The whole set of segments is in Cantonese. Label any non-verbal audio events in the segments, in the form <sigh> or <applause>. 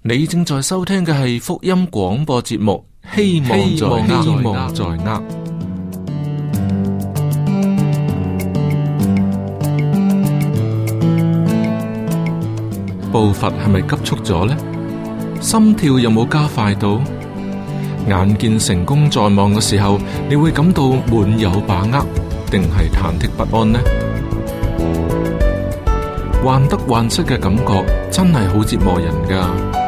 你正在收聽嘅係福音廣播節目，希望在希望在握。步伐係咪急促咗呢？心跳有冇加快到？眼見成功在望嘅時候，你會感到滿有把握，定係忐忑不安呢？患得患失嘅感覺真係好折磨人噶。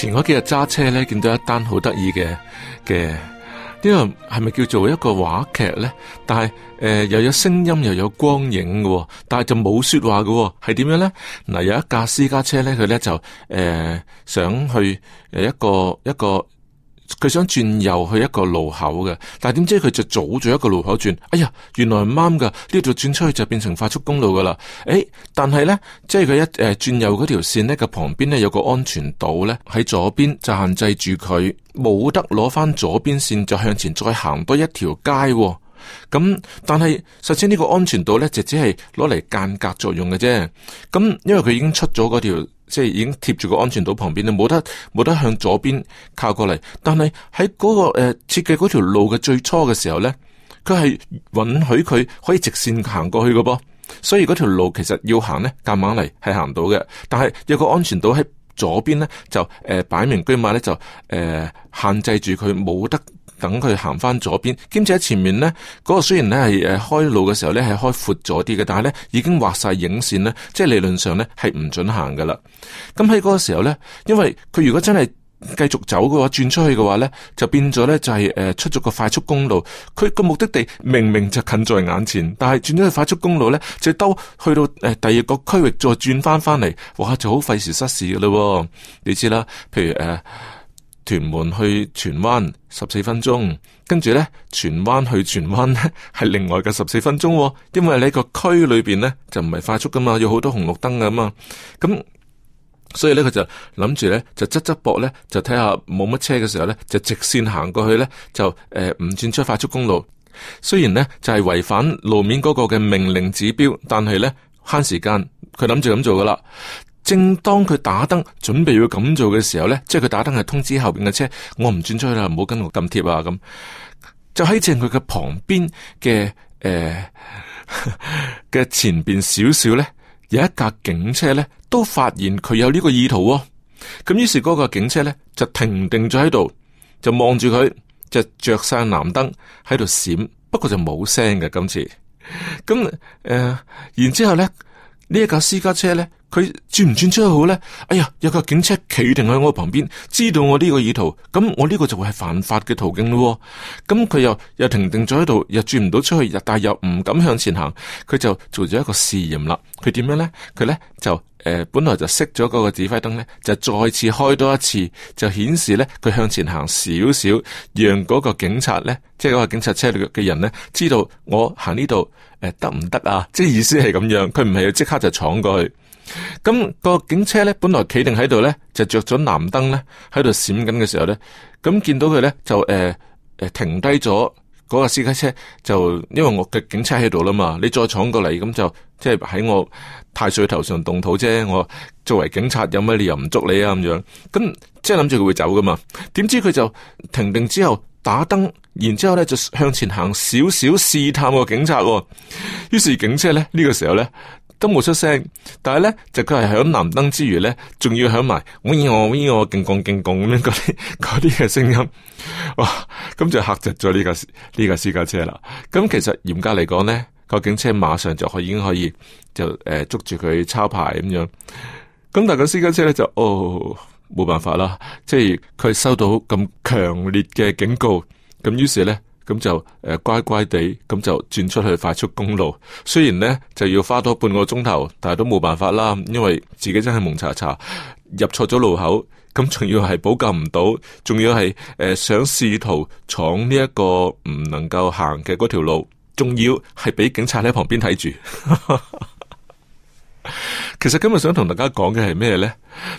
前嗰幾日揸車咧，見到一單好得意嘅嘅，呢、這個係咪叫做一個話劇咧？但係誒、呃、又有聲音又有光影嘅、哦，但係就冇說話嘅、哦，係點樣咧？嗱，有一架私家車咧，佢咧就誒、呃、想去誒一個一個。一個佢想轉右去一個路口嘅，但係點知佢就早咗一個路口轉，哎呀，原來唔啱噶，呢度轉出去就變成快速公路噶啦。誒、哎，但係呢，即係佢一誒、呃、轉右嗰條線呢，個旁邊呢有個安全島呢，喺左邊就限制住佢，冇得攞翻左邊線就向前再行多一條街、哦。咁、嗯、但係，實際呢個安全島呢，就只係攞嚟間隔作用嘅啫。咁、嗯、因為佢已經出咗嗰條。即係已經貼住個安全島旁邊，你冇得冇得向左邊靠過嚟。但係喺嗰個誒設計嗰條路嘅最初嘅時候咧，佢係允許佢可以直線行過去嘅噃。所以嗰條路其實要行咧，夾硬嚟係行到嘅。但係有個安全島喺左邊咧就誒、呃、擺明車馬咧就誒、呃、限制住佢冇得等佢行返左邊，兼且喺前面咧嗰、嗰個雖然咧係誒開路嘅時候咧係開闊咗啲嘅，但係咧已經畫晒影線咧，即係理論上咧係唔準行㗎啦。咁喺嗰個時候咧，因為佢如果真係繼續走嘅話，轉出去嘅話呢，就變咗呢、就是，就係誒出咗個快速公路，佢個目的地明明就近在眼前，但係轉咗去快速公路呢，就兜去到誒、呃、第二個區域再轉翻翻嚟，哇就好費時失事嘅咯、哦，你知啦？譬如誒、呃、屯門去荃灣十四分鐘，跟住呢，荃灣去荃灣係另外嘅十四分鐘、哦，因為你喺個區裏邊呢就唔係快速噶嘛，有好多紅綠燈噶嘛，咁。所以咧，佢就諗住咧，就側側膊咧，就睇下冇乜車嘅時候咧，就直線行過去咧，就誒唔轉出快速公路。雖然呢，就係違反路面嗰個嘅命令指標，但係咧，慳時間，佢諗住咁做噶啦。正當佢打燈準備要咁做嘅時候咧，即係佢打燈係通知後邊嘅車，我唔轉出去啦，唔好跟我咁貼啊，咁。就喺正佢嘅旁邊嘅誒嘅前邊少少咧，有一架警車咧，都發現佢有呢個意圖，哦，咁於是嗰個警車咧，就停定咗喺度，就望住佢，就着晒藍燈喺度閃，不過就冇聲嘅，今次，咁誒、呃，然之後咧呢一架私家車咧。佢轉唔轉出去好呢？哎呀，有個警察企定喺我旁邊，知道我呢個意圖，咁我呢個就會係犯法嘅途徑咯。咁佢就又停定咗喺度，又轉唔到出去，但又但又唔敢向前行，佢就做咗一個試驗啦。佢點樣呢？佢呢，就誒、呃，本來就熄咗嗰個指揮燈呢，就再次開多一次，就顯示呢，佢向前行少少，讓嗰個警察呢，即係嗰個警察車裏嘅人呢，知道我、呃、行呢度誒得唔得啊？即係意思係咁樣，佢唔係要即刻就闖過去。咁個警車咧，本來企定喺度咧，就着咗藍燈咧，喺度閃緊嘅時候咧，咁見到佢咧就誒誒、呃、停低咗嗰個私家車，就因為我嘅警車喺度啦嘛，你再闖過嚟咁就即係喺我太歲頭上動土啫。我作為警察有乜理由唔捉你啊咁樣，咁即係諗住佢會走噶嘛？點知佢就停定之後打燈，然之後咧就向前行少少試探個警察，哦。於是警車咧呢、呢個時候咧。都冇出聲，但係咧就佢係響藍燈之餘咧，仲要響埋，我依我依我勁降勁降咁樣嗰啲嗰啲嘅聲音，哇！咁就吓窒咗呢架呢架私家車啦。咁其實嚴格嚟講咧，個警車馬上就可已經可以就誒捉、呃、住佢抄牌咁樣。咁但係個私家車咧就哦冇辦法啦，即係佢收到咁強烈嘅警告，咁於是咧。咁就誒乖乖地咁就轉出去快速公路，雖然呢就要花多半個鐘頭，但係都冇辦法啦，因為自己真係蒙查查，入錯咗路口，咁仲要係補救唔到，仲要係誒想試圖闖呢一個唔能夠行嘅嗰條路，仲要係俾警察喺旁邊睇住。其實今日想同大家講嘅係咩呢？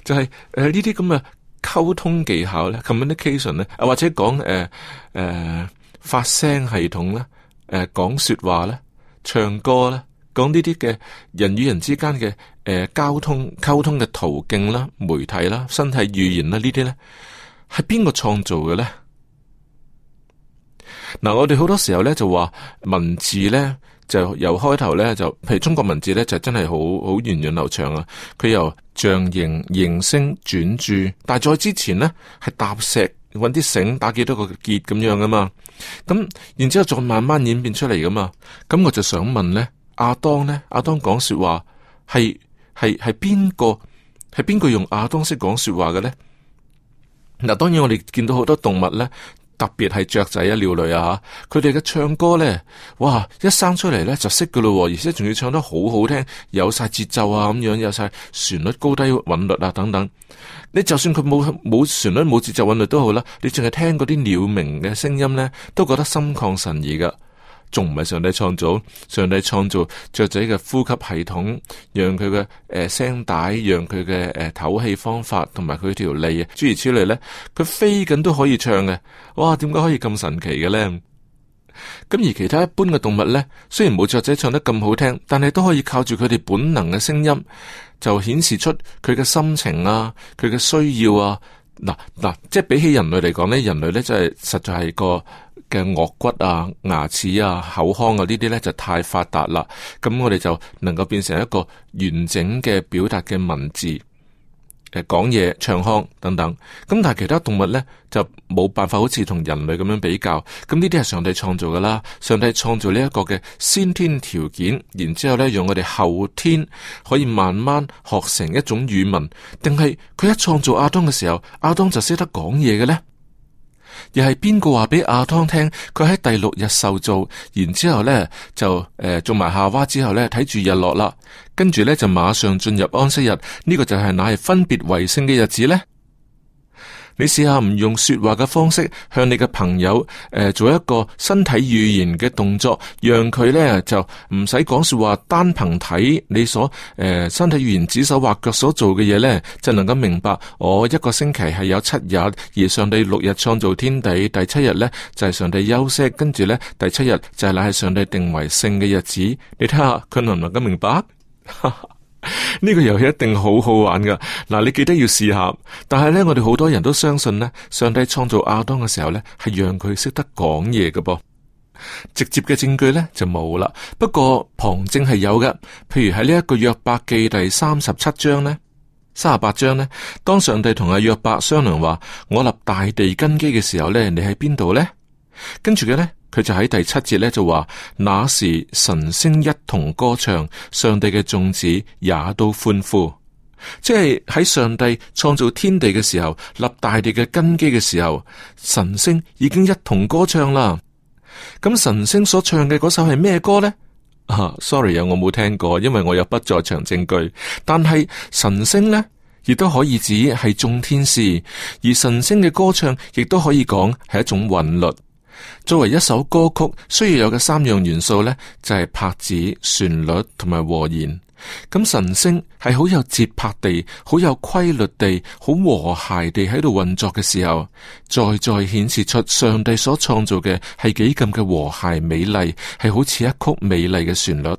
就係誒呢啲咁嘅溝通技巧呢，communication 呢，啊或者講誒誒。發聲系統咧，誒講說話咧，唱歌咧，講呢啲嘅人與人之間嘅誒交通溝通嘅途徑啦、媒體啦、身體語言啦呢啲咧，係邊個創造嘅咧？嗱，我哋好多時候咧就話文字咧就由開頭咧就，譬如中國文字咧就真係好好源遠流長啊，佢由象形、形聲、轉注，但係在之前咧係搭石。揾啲繩打幾多個結咁樣噶嘛，咁然之後再慢慢演變出嚟噶嘛，咁我就想問咧，亞當咧，亞當講說話係係係邊個？係邊個用亞當式講說話嘅咧？嗱，當然我哋見到好多動物咧，特別係雀仔啊、鳥類啊吓，佢哋嘅唱歌咧，哇，一生出嚟咧就識噶咯，而且仲要唱得好好聽，有晒節奏啊，咁樣有晒旋律、高低、韻律啊，等等。你就算佢冇冇旋律、冇節奏韻律都好啦，你淨係聽嗰啲鳥鳴嘅聲音咧，都覺得心曠神怡噶，仲唔係上帝創造？上帝創造雀仔嘅呼吸系統，讓佢嘅誒聲帶，讓佢嘅誒唞氣方法，同埋佢條脷啊，諸如此類咧，佢飛緊都可以唱嘅。哇，點解可以咁神奇嘅咧？咁而其他一般嘅動物呢，雖然冇作者唱得咁好聽，但係都可以靠住佢哋本能嘅聲音，就顯示出佢嘅心情啊，佢嘅需要啊。嗱、啊、嗱、啊，即係比起人類嚟講呢，人類呢就係實在係個嘅顎骨啊、牙齒啊、口腔啊呢啲呢，就太發達啦。咁我哋就能夠變成一個完整嘅表達嘅文字。誒，講嘢、唱腔等等，咁但係其他動物呢，就冇辦法好似同人類咁樣比較，咁呢啲係上帝創造噶啦，上帝創造呢一個嘅先天條件，然之後呢讓我哋後天可以慢慢學成一種語文，定係佢一創造阿當嘅時候，阿當就識得講嘢嘅呢？又係邊個話畀亞當聽？佢喺第六日受造，然之後咧就誒造埋夏娃之後咧睇住日落啦，跟住咧就馬上進入安息日，呢、這個就係乃係分別為聖嘅日子咧。你試下唔用說話嘅方式向你嘅朋友，誒、呃，做一個身體語言嘅動作，讓佢呢就唔使講說話，單憑睇你所，誒、呃，身體語言指手畫腳所做嘅嘢呢，就能夠明白，我一個星期係有七日，而上帝六日創造天地，第七日呢就係、是、上帝休息，跟住呢，第七日就係乃係上帝定為聖嘅日子。你睇下佢能唔能夠明白？ <laughs> 呢個遊戲一定好好玩㗎，嗱，你記得要試下。但係呢，我哋好多人都相信呢，上帝創造亞當嘅時候呢，係讓佢識得講嘢嘅噃。直接嘅證據呢就冇啦，不過旁證係有嘅，譬如喺呢一個約伯記第三十七章呢、三十八章呢，當上帝同阿約伯商量話，「我立大地根基嘅時候呢，你喺邊度呢？」跟住嘅呢，佢就喺第七節呢就話，那時晨星一同歌唱，上帝嘅眾子也都歡呼，即係喺上帝創造天地嘅時候，立大地嘅根基嘅時候，晨星已經一同歌唱啦。咁晨星所唱嘅嗰首係咩歌呢？啊，sorry 啊，我冇聽過，因為我有不在場證據。但係晨星呢，亦都可以指係眾天使，而晨星嘅歌唱亦都可以講係一種韻律。作為一首歌曲，需要有嘅三樣元素呢，就係拍子、旋律同埋和弦。咁神聲係好有節拍地、好有規律地、好和諧地喺度運作嘅時候，再再顯示出上帝所創造嘅係幾咁嘅和諧美麗，係好似一曲美麗嘅旋律。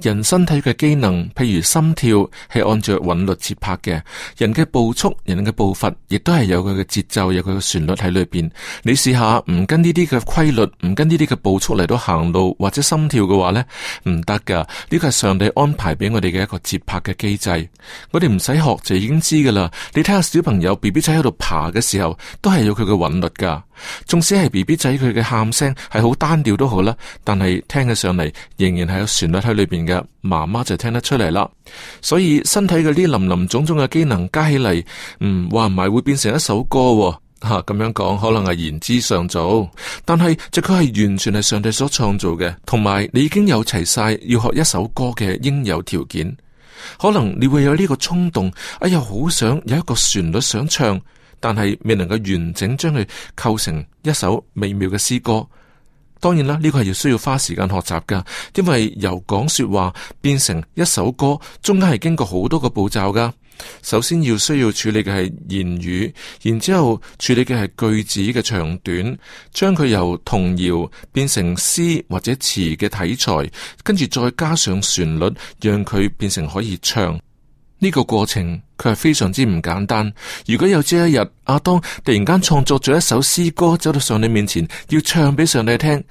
人身體嘅機能，譬如心跳，係按照韻律節拍嘅。人嘅步速，人嘅步伐，亦都係有佢嘅節奏，有佢嘅旋律喺裏邊。你試下唔跟呢啲嘅規律，唔跟呢啲嘅步速嚟到行路或者心跳嘅話呢，唔得噶。呢個係上帝安排俾我哋嘅一個節拍嘅機制。我哋唔使學就已經知噶啦。你睇下小朋友 B B 仔喺度爬嘅時候，都係有佢嘅韻律噶。縱使係 B B 仔佢嘅喊聲係好單調都好啦，但係聽起上嚟仍然係有旋律喺裏面。邊嘅媽媽就聽得出嚟啦，所以身體嘅啲林林總總嘅機能加起嚟，嗯，話唔埋會變成一首歌，哦，吓，啊，咁樣講可能係言之尚早，但係就佢係完全係上帝所創造嘅，同埋你已經有齊晒要學一首歌嘅應有條件，可能你會有呢個衝動，哎呀，好想有一個旋律想唱，但係未能夠完整將佢構成一首美妙嘅詩歌。當然啦，呢個係要需要花時間學習噶，因為由講說話變成一首歌，中間係經過好多個步驟噶。首先要需要處理嘅係言語，然之後處理嘅係句子嘅長短，將佢由童謠變成詩或者詞嘅題材，跟住再加上旋律，讓佢變成可以唱。呢個過程佢係非常之唔簡單。如果有朝一日，阿當突然間創作咗一首詩歌，走到上帝面前要唱俾上帝聽，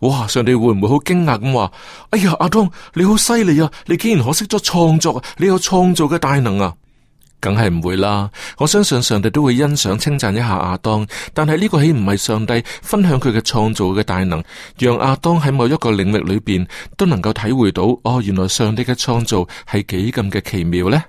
哇！上帝會唔會好驚訝咁話：「哎呀，阿當你好犀利啊！你竟然學識咗創作，你有創造嘅大能啊！梗係唔會啦。我相信上帝都會欣賞稱讚一下阿當。但係呢個豈唔係上帝分享佢嘅創造嘅大能，讓阿當喺某一個領域裏邊都能夠體會到哦，原來上帝嘅創造係幾咁嘅奇妙呢？」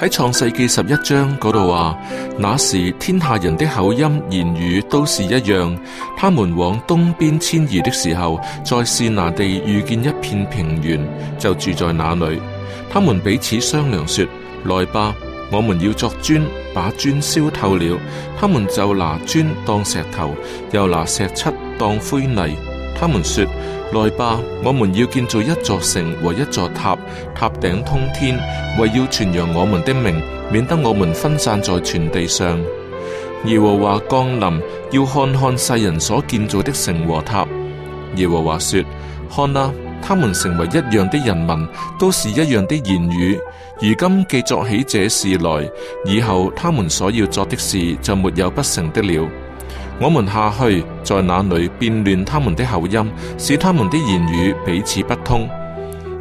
喺創世記十一章嗰度話，那時天下人的口音言語都是一樣。他們往東邊遷移的時候，在示拿地遇見一片平原，就住在那裏。他們彼此商量說：來吧。我們要作磚，把磚燒透了，他們就拿磚當石頭，又拿石漆當灰泥。他們說：來吧，我們要建造一座城和一座塔，塔頂通天，為要傳揚我們的名，免得我們分散在全地上。耶和華降臨，要看看世人所建造的城和塔。耶和華說：看啊，他們成為一樣的人民，都是一樣的言語。如今既作起這事來，以後他們所要做的事就沒有不成的了。我們下去，在那裏變亂他們的口音，使他們的言語彼此不通。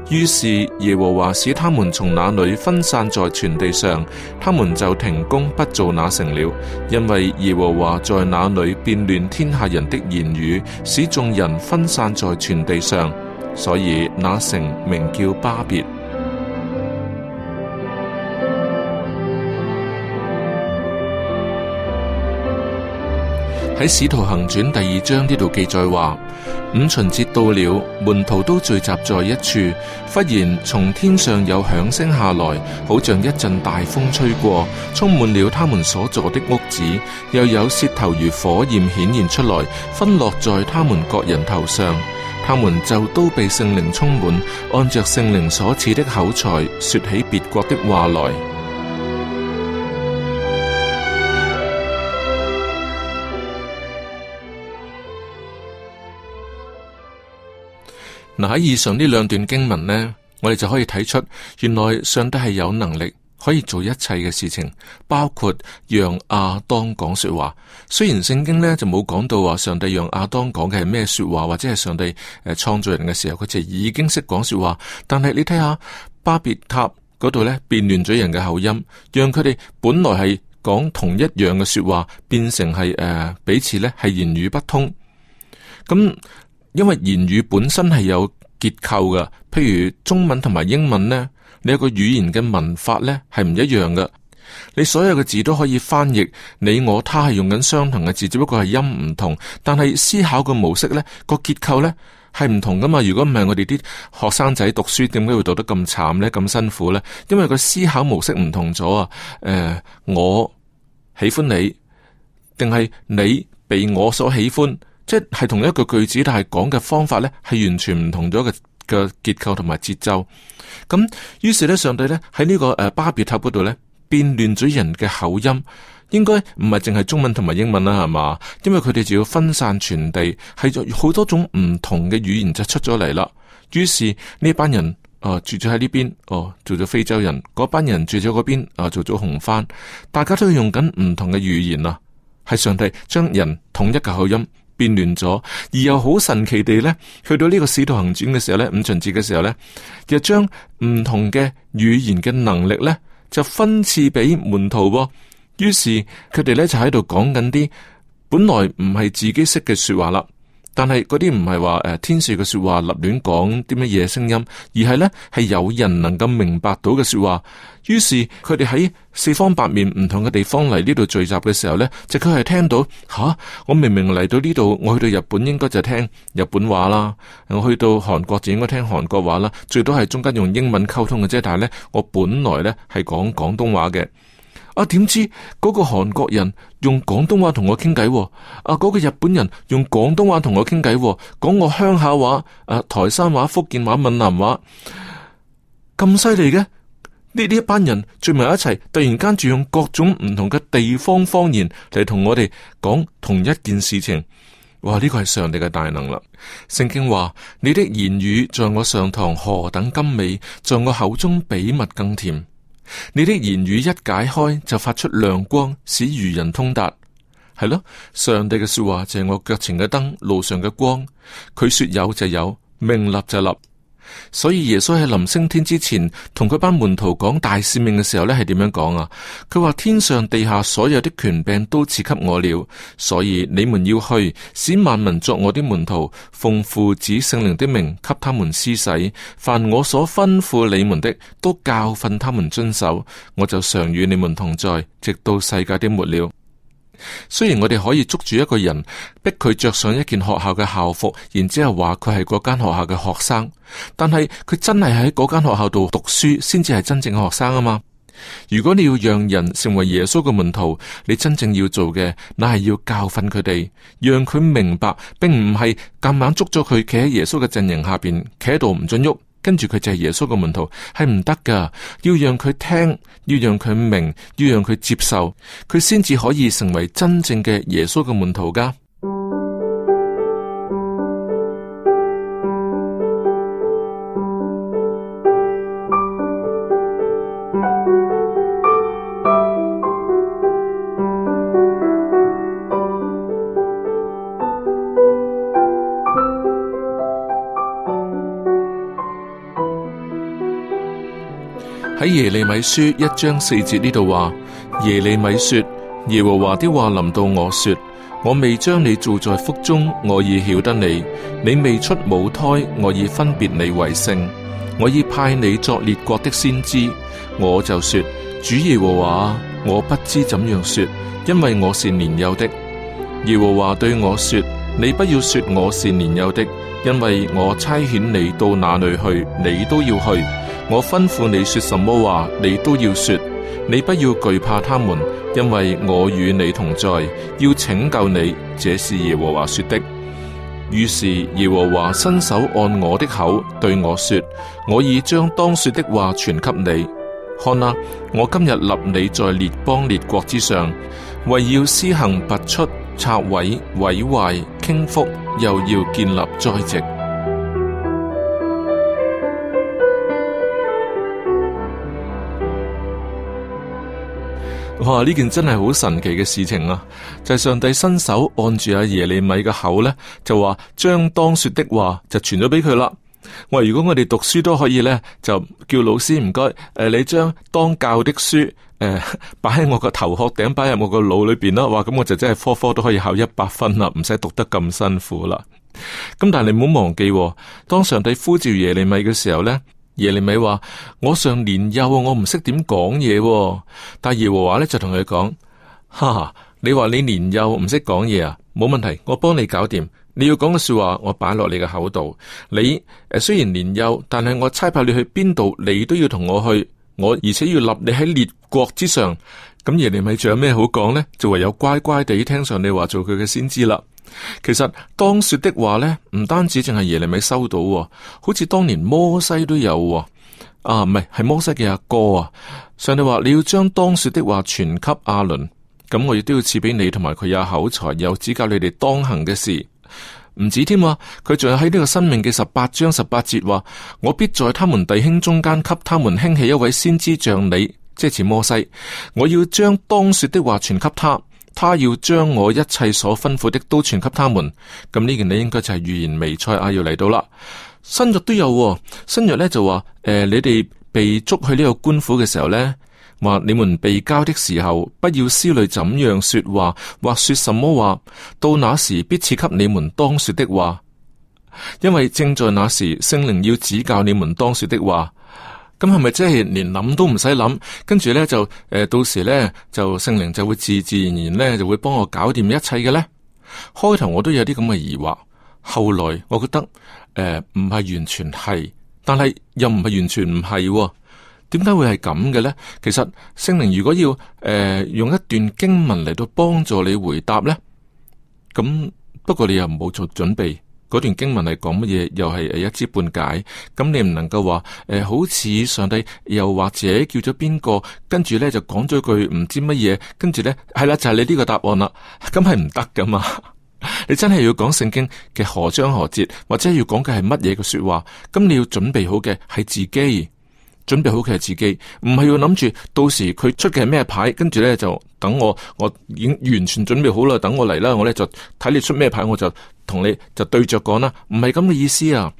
於是耶和華使他們從那裏分散在全地上，他們就停工不做那城了，因為耶和華在那裏變亂天下人的言語，使眾人分散在全地上，所以那城名叫巴別。喺《使徒行傳》第二章呢度記載話，五旬節到了，門徒都聚集在一處。忽然從天上有響聲下來，好像一陣大風吹過，充滿了他們所坐的屋子。又有舌頭如火焰顯現出來，分落在他們各人頭上。他們就都被聖靈充滿，按着聖靈所賜的口才說起別國的話來。嗱，喺以上呢兩段經文呢，我哋就可以睇出，原來上帝係有能力可以做一切嘅事情，包括讓亞當講說話。雖然聖經呢就冇講到話上帝讓亞當講嘅係咩說話，或者係上帝誒創造人嘅時候佢就已經識講說話。但係你睇下巴別塔嗰度呢，變亂咗人嘅口音，讓佢哋本來係講同一樣嘅說話，變成係誒、呃、彼此呢係言語不通。咁因為言語本身係有結構噶譬如中文同埋英文呢，你一個語言嘅文法呢係唔一樣嘅。你所有嘅字都可以翻譯，你我他係用緊相同嘅字，只不過係音唔同。但係思考嘅模式呢，個結構呢係唔同噶嘛。如果唔係我哋啲學生仔讀書，點解會讀得咁慘呢？咁辛苦呢？因為個思考模式唔同咗啊。誒、呃，我喜歡你，定係你被我所喜歡？即係同一個句子，但係講嘅方法咧，係完全唔同咗嘅嘅結構同埋節奏。咁於是咧，上帝咧喺呢個誒巴別塔嗰度咧，變亂咗人嘅口音。應該唔係淨係中文同埋英文啦，係嘛？因為佢哋就要分散傳遞，係就好多種唔同嘅語言就出咗嚟啦。於是呢班人啊、呃、住咗喺呢邊，哦、呃、做咗非洲人；嗰班人住咗嗰邊，啊、呃、做咗紅番。大家都用緊唔同嘅語言啦，係上帝將人統一嘅口音。變亂咗，而又好神奇地呢，去到呢個使徒行傳嘅時候呢，五旬節嘅時候呢，又將唔同嘅語言嘅能力呢，就分次俾門徒喎。於是佢哋呢，就喺度講緊啲本來唔係自己識嘅說話啦。但係嗰啲唔係話誒，天使嘅說話立亂講啲乜嘢聲音，而係呢係有人能夠明白到嘅說話。於是佢哋喺四方八面唔同嘅地方嚟呢度聚集嘅時候呢，就佢係聽到吓，啊，我明明嚟到呢度，我去到日本應該就聽日本話啦，我去到韓國就應該聽韓國話啦，最多係中間用英文溝通嘅啫。但係呢，我本來呢係講廣東話嘅。啊！點知嗰個韓國人用廣東話同我傾偈、啊，啊嗰、嗰個日本人用廣東話同我傾偈、啊，講我鄉下話、誒、啊、台山話、福建話、閩南話，咁犀利嘅呢？呢一班人聚埋一齊，突然間就用各種唔同嘅地方方言嚟同我哋講同一件事情。哇！呢個係上帝嘅大能力。聖經話：你的言語在我上堂何等甘美，在我口中比蜜更甜。你的言語一解開，就發出亮光，使愚人通達。係咯，上帝嘅說話就係我腳前嘅燈，路上嘅光。佢說有就有，命立就立。所以耶穌喺臨升天之前，同佢班門徒講大使命嘅時候呢係點樣講啊？佢話天上地下所有的權柄都賜給我了，所以你們要去，使萬民作我的門徒，奉父子聖靈的名給他們施洗，凡我所吩咐你們的，都教訓他們遵守，我就常與你們同在，直到世界的末了。雖然我哋可以捉住一個人，逼佢着上一件學校嘅校服，然之後話佢係嗰間學校嘅學生，但係佢真係喺嗰間學校度讀書，先至係真正嘅學生啊嘛。如果你要讓人成為耶穌嘅門徒，你真正要做嘅，乃係要教訓佢哋，讓佢明白，並唔係咁硬捉咗佢，企喺耶穌嘅陣營下邊，企喺度唔准喐。跟住佢就係耶穌嘅門徒，係唔得噶要讓佢聽，要讓佢明，要讓佢接受，佢先至可以成為真正嘅耶穌嘅門徒噶。喺耶利米書一章四節呢度話，耶利米說：耶和華的話臨到我說，我未將你做在腹中，我已曉得你；你未出母胎，我已分別你為聖。我已派你作列國的先知。我就說：主耶和華，我不知怎樣說，因為我是年幼的。耶和華對我說：你不要說我是年幼的，因為我差遣你到哪裏去，你都要去。我吩咐你說什麼話，你都要說。你不要懼怕他們，因為我與你同在，要拯救你。這是耶和華說的。於是耶和華伸手按我的口對我說：我已將當說的話傳給你。看啊，我今日立你在列邦列國之上，為要施行拔出、拆毀、毀壞、傾覆，又要建立栽植。哇！呢件真係好神奇嘅事情啊，就係、是、上帝伸手按住阿耶利米嘅口呢，就話將當說的話就傳咗俾佢啦。話如果我哋讀書都可以呢，就叫老師唔該、呃，你將當教的書誒擺喺我個頭殼頂，擺入我個腦裏邊啦。哇！咁我就真係科科都可以考一百分啦，唔使讀得咁辛苦啦。咁、嗯、但係你唔好忘記、啊，當上帝呼召耶利米嘅時候呢。耶利米話：我上年幼，我唔識點講嘢喎。但耶和華咧就同佢講：哈，哈，你話你年幼唔識講嘢啊，冇問題，我幫你搞掂。你要講嘅說話，我擺落你嘅口度。你誒雖然年幼，但係我差派你去邊度，你都要同我去。我而且要立你喺列國之上。咁耶利米仲有咩好講呢？就唯有乖乖地聽上你話做佢嘅先知啦。其實當說的話呢，唔單止淨係耶利米收到，好似當年摩西都有啊，唔係係摩西嘅阿哥，哥啊。上帝話你要將當說的話傳給阿倫，咁我亦都要賜俾你，同埋佢有口才，又指教你哋當行嘅事。唔止添啊，佢仲有喺呢個申命嘅十八章十八節話，我必在他們弟兄中間給他們興起一位先知像你，即似摩西，我要將當說的話傳給他。他要將我一切所吩咐的都傳給他們，咁呢件呢應該就係預言微。彌賽亞要嚟到啦，新約都有、哦、新約呢就話誒、呃，你哋被捉去呢個官府嘅時候呢，話你們被交的時候，不要思慮怎樣說話或說什麼話，到那時必賜給你們當說的話，因為正在那時聖靈要指教你們當說的話。咁係咪即係連諗都唔使諗，跟住咧就誒、呃，到時咧就聖靈就會自自然然咧就會幫我搞掂一切嘅咧？開頭我都有啲咁嘅疑惑，後來我覺得誒唔係完全係，但係又唔係完全唔係、哦，點解會係咁嘅咧？其實聖靈如果要誒、呃、用一段經文嚟到幫助你回答咧，咁不過你又冇做準備。嗰段經文係講乜嘢，又係一知半解。咁你唔能夠話誒，好似上帝又或者叫咗邊個跟住呢就講咗句唔知乜嘢，跟住呢係啦就係、就是、你呢個答案啦。咁係唔得噶嘛？ <laughs> 你真係要講聖經嘅何章何節，或者要講嘅係乜嘢嘅說話。咁你要準備好嘅係自己，準備好嘅係自己，唔係要諗住到時佢出嘅係咩牌，跟住呢，就等我，我已經完全準備好啦，等我嚟啦，我呢就睇你出咩牌，我就。同你就對着講啦，唔係咁嘅意思啊，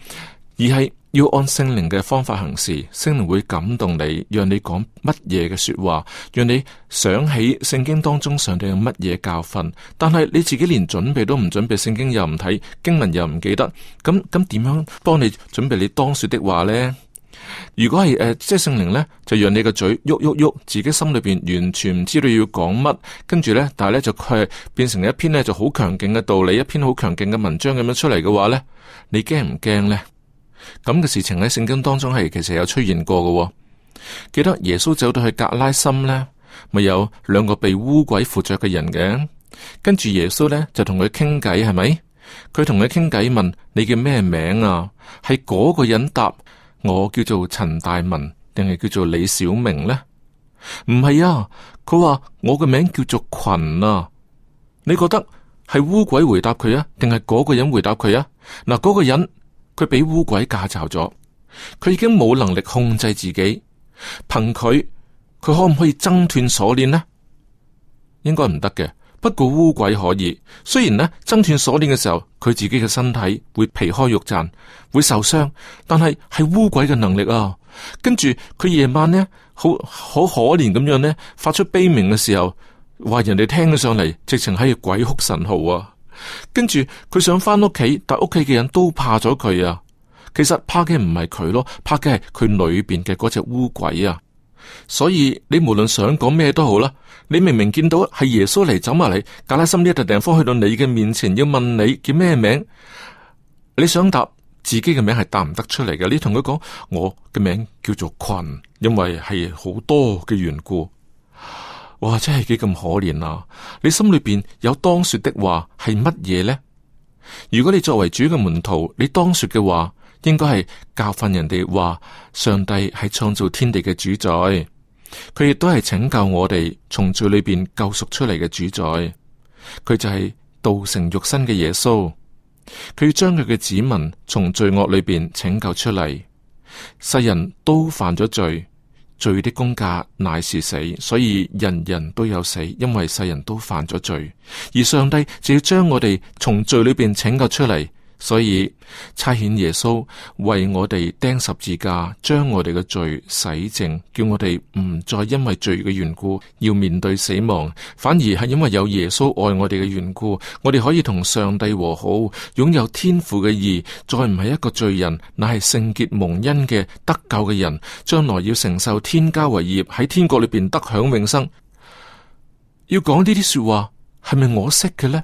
而係要按聖靈嘅方法行事，聖靈會感動你，讓你講乜嘢嘅說話，讓你想起聖經當中上帝有乜嘢教訓。但係你自己連準備都唔準備，聖經又唔睇，經文又唔記得，咁咁點樣幫你準備你當說的話呢？如果係誒、呃，即係聖靈咧，就讓你個嘴喐喐喐，自己心裏邊完全唔知道要講乜，跟住咧，但係咧就佢變成一篇咧就好強勁嘅道理，一篇好強勁嘅文章咁樣出嚟嘅話咧，你驚唔驚咧？咁嘅事情喺聖經當中係其實有出現過嘅，哦。記得耶穌走到去格拉森咧，咪有兩個被烏鬼附着嘅人嘅，跟住耶穌咧就同佢傾偈，係咪？佢同佢傾偈問你叫咩名啊，係嗰個人答。我叫做陳大文，定係叫做李小明咧？唔係啊！佢話我嘅名叫做群啊！你覺得係烏鬼回答佢啊，定係嗰個人回答佢啊？嗱，嗰個人佢俾烏鬼架罩咗，佢已經冇能力控制自己。憑佢，佢可唔可以掙斷鎖鏈呢？應該唔得嘅。不過烏鬼可以，雖然呢，掙斷鎖鏈嘅時候，佢自己嘅身體會皮開肉綻，會受傷，但係係烏鬼嘅能力啊。跟住佢夜晚呢，好好可憐咁樣呢，發出悲鳴嘅時候，話人哋聽咗上嚟，直情係鬼哭神號啊。跟住佢想返屋企，但屋企嘅人都怕咗佢啊。其實怕嘅唔係佢咯，怕嘅係佢裏邊嘅嗰隻烏鬼啊。所以你無論想講咩都好啦，你明明見到係耶穌嚟，走埋嚟，格拉森呢一笪地方去到你嘅面前，要問你叫咩名，你想答自己嘅名係答唔得出嚟嘅，你同佢講我嘅名叫做群，因為係好多嘅緣故。哇，真係幾咁可憐啊！你心裏邊有當說的話係乜嘢呢？如果你作為主嘅門徒，你當說嘅話。應該係教訓人哋話，上帝係創造天地嘅主宰，佢亦都係拯救我哋從罪裏邊救贖出嚟嘅主宰。佢就係道成肉身嘅耶穌，佢要將佢嘅子民從罪惡裏邊拯救出嚟。世人都犯咗罪，罪的公價乃是死，所以人人都有死，因為世人都犯咗罪。而上帝就要將我哋從罪裏邊拯救出嚟。所以差遣耶穌為我哋釘十字架，將我哋嘅罪洗淨，叫我哋唔再因為罪嘅緣故要面對死亡，反而係因為有耶穌愛我哋嘅緣故，我哋可以同上帝和好，擁有天父嘅義，再唔係一個罪人，乃係聖潔蒙恩嘅得救嘅人，將來要承受天家為業，喺天國裏邊得享永生。要講呢啲說話，係咪我識嘅咧？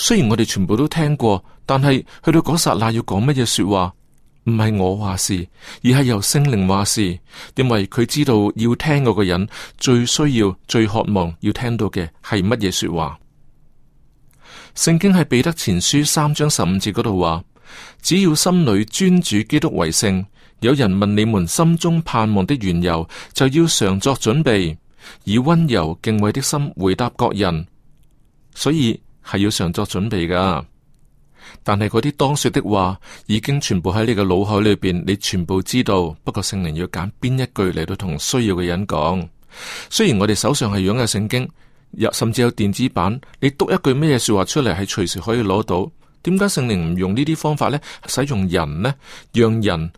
雖然我哋全部都聽過，但係去到嗰剎那要講乜嘢說話，唔係我話事，而係由聖靈話事。因為佢知道要聽嗰個人最需要、最渴望要聽到嘅係乜嘢說話。聖經喺彼得前書三章十五節嗰度話：只要心裏尊主基督為聖，有人問你們心中盼望的緣由，就要常作準備，以溫柔敬畏的心回答各人。所以。係要常作準備噶，但係嗰啲當說的話已經全部喺你嘅腦海裏邊，你全部知道。不過聖靈要揀邊一句嚟到同需要嘅人講。雖然我哋手上係擁有聖經，甚至有電子版，你讀一句咩嘢說話出嚟，係隨時可以攞到。點解聖靈唔用呢啲方法呢？使用人呢，讓人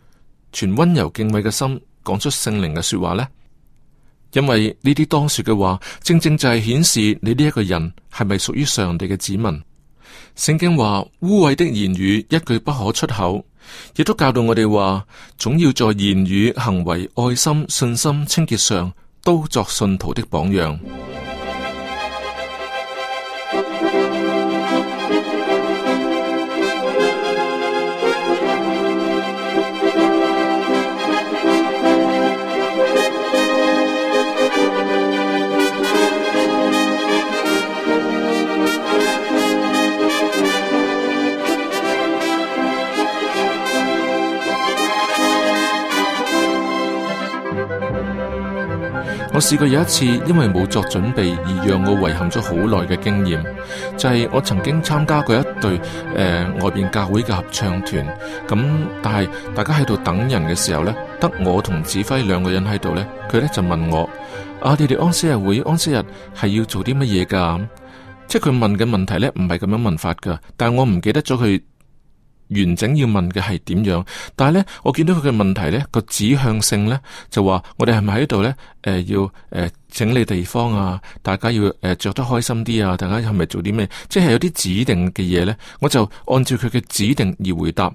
存溫柔敬畏嘅心講出聖靈嘅說話呢？因為呢啲當說嘅話，正正就係顯示你呢一個人係咪屬於上帝嘅子民。聖經話，污穢的言語一句不可出口，亦都教導我哋話，總要在言語、行為、愛心、信心、清潔上都作信徒的榜樣。我試過有一次，因為冇作準備而讓我遺憾咗好耐嘅經驗，就係、是、我曾經參加過一隊誒、呃、外邊教會嘅合唱團。咁、嗯、但係大家喺度等人嘅時候呢，得我同指揮兩個人喺度呢，佢呢就問我：啊，你哋安息日會安息日係要做啲乜嘢㗎？即係佢問嘅問題呢，唔係咁樣問法㗎。但係我唔記得咗佢。完整要問嘅係點樣？但係咧，我見到佢嘅問題咧個指向性咧就話我哋係咪喺度咧？誒、呃，要誒、呃、整理地方啊，大家要誒、呃、着得開心啲啊，大家係咪做啲咩？即係有啲指定嘅嘢咧，我就按照佢嘅指定而回答。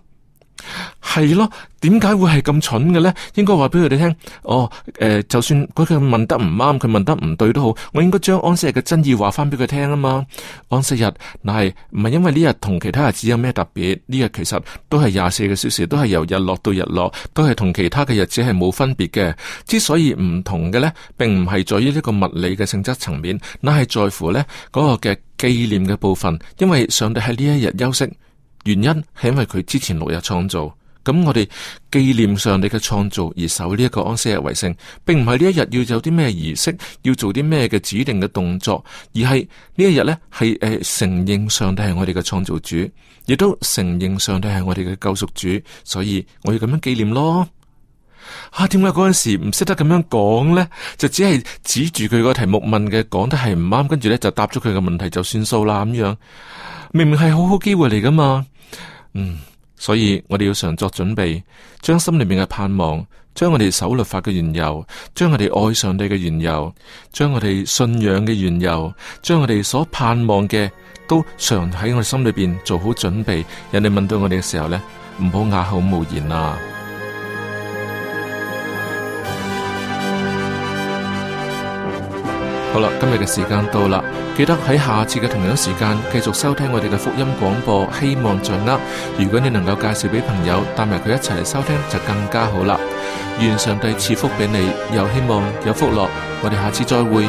係咯，點解會係咁蠢嘅呢？應該話俾佢哋聽，哦，誒、呃，就算佢佢問得唔啱，佢問得唔對都好，我應該將安息日嘅真意話翻俾佢聽啊嘛。安息日，那係唔係因為呢日同其他日子有咩特別？呢日其實都係廿四個小時，都係由日落到日落，都係同其他嘅日子係冇分別嘅。之所以唔同嘅呢，並唔係在於呢個物理嘅性質層面，那係在乎呢嗰、那個嘅紀念嘅部分，因為上帝喺呢一日休息。原因係因為佢之前六日創造，咁我哋紀念上帝嘅創造而守呢一個安息日為聖，並唔係呢一日要有啲咩儀式，要做啲咩嘅指定嘅動作，而係呢一日咧係誒承認上帝係我哋嘅創造主，亦都承認上帝係我哋嘅救贖主，所以我要咁樣紀念咯。吓、啊，點解嗰陣時唔識得咁樣講呢？就只係指住佢個題目問嘅，講得係唔啱，跟住呢就答咗佢嘅問題就算數啦咁樣。明明係好好機會嚟噶嘛，嗯，所以我哋要常作準備，將心裏面嘅盼望，將我哋守律法嘅緣由，將我哋愛上帝嘅緣由，將我哋信仰嘅緣由，將我哋所盼望嘅，都常喺我哋心裏邊做好準備，人哋問到我哋嘅時候呢，唔好啞口無言啊！好啦，今日嘅時間到啦，記得喺下次嘅同樣時間繼續收聽我哋嘅福音廣播。希望在握，如果你能夠介紹俾朋友帶埋佢一齊嚟收聽，就更加好啦。願上帝賜福俾你，又希望有福樂。我哋下次再會。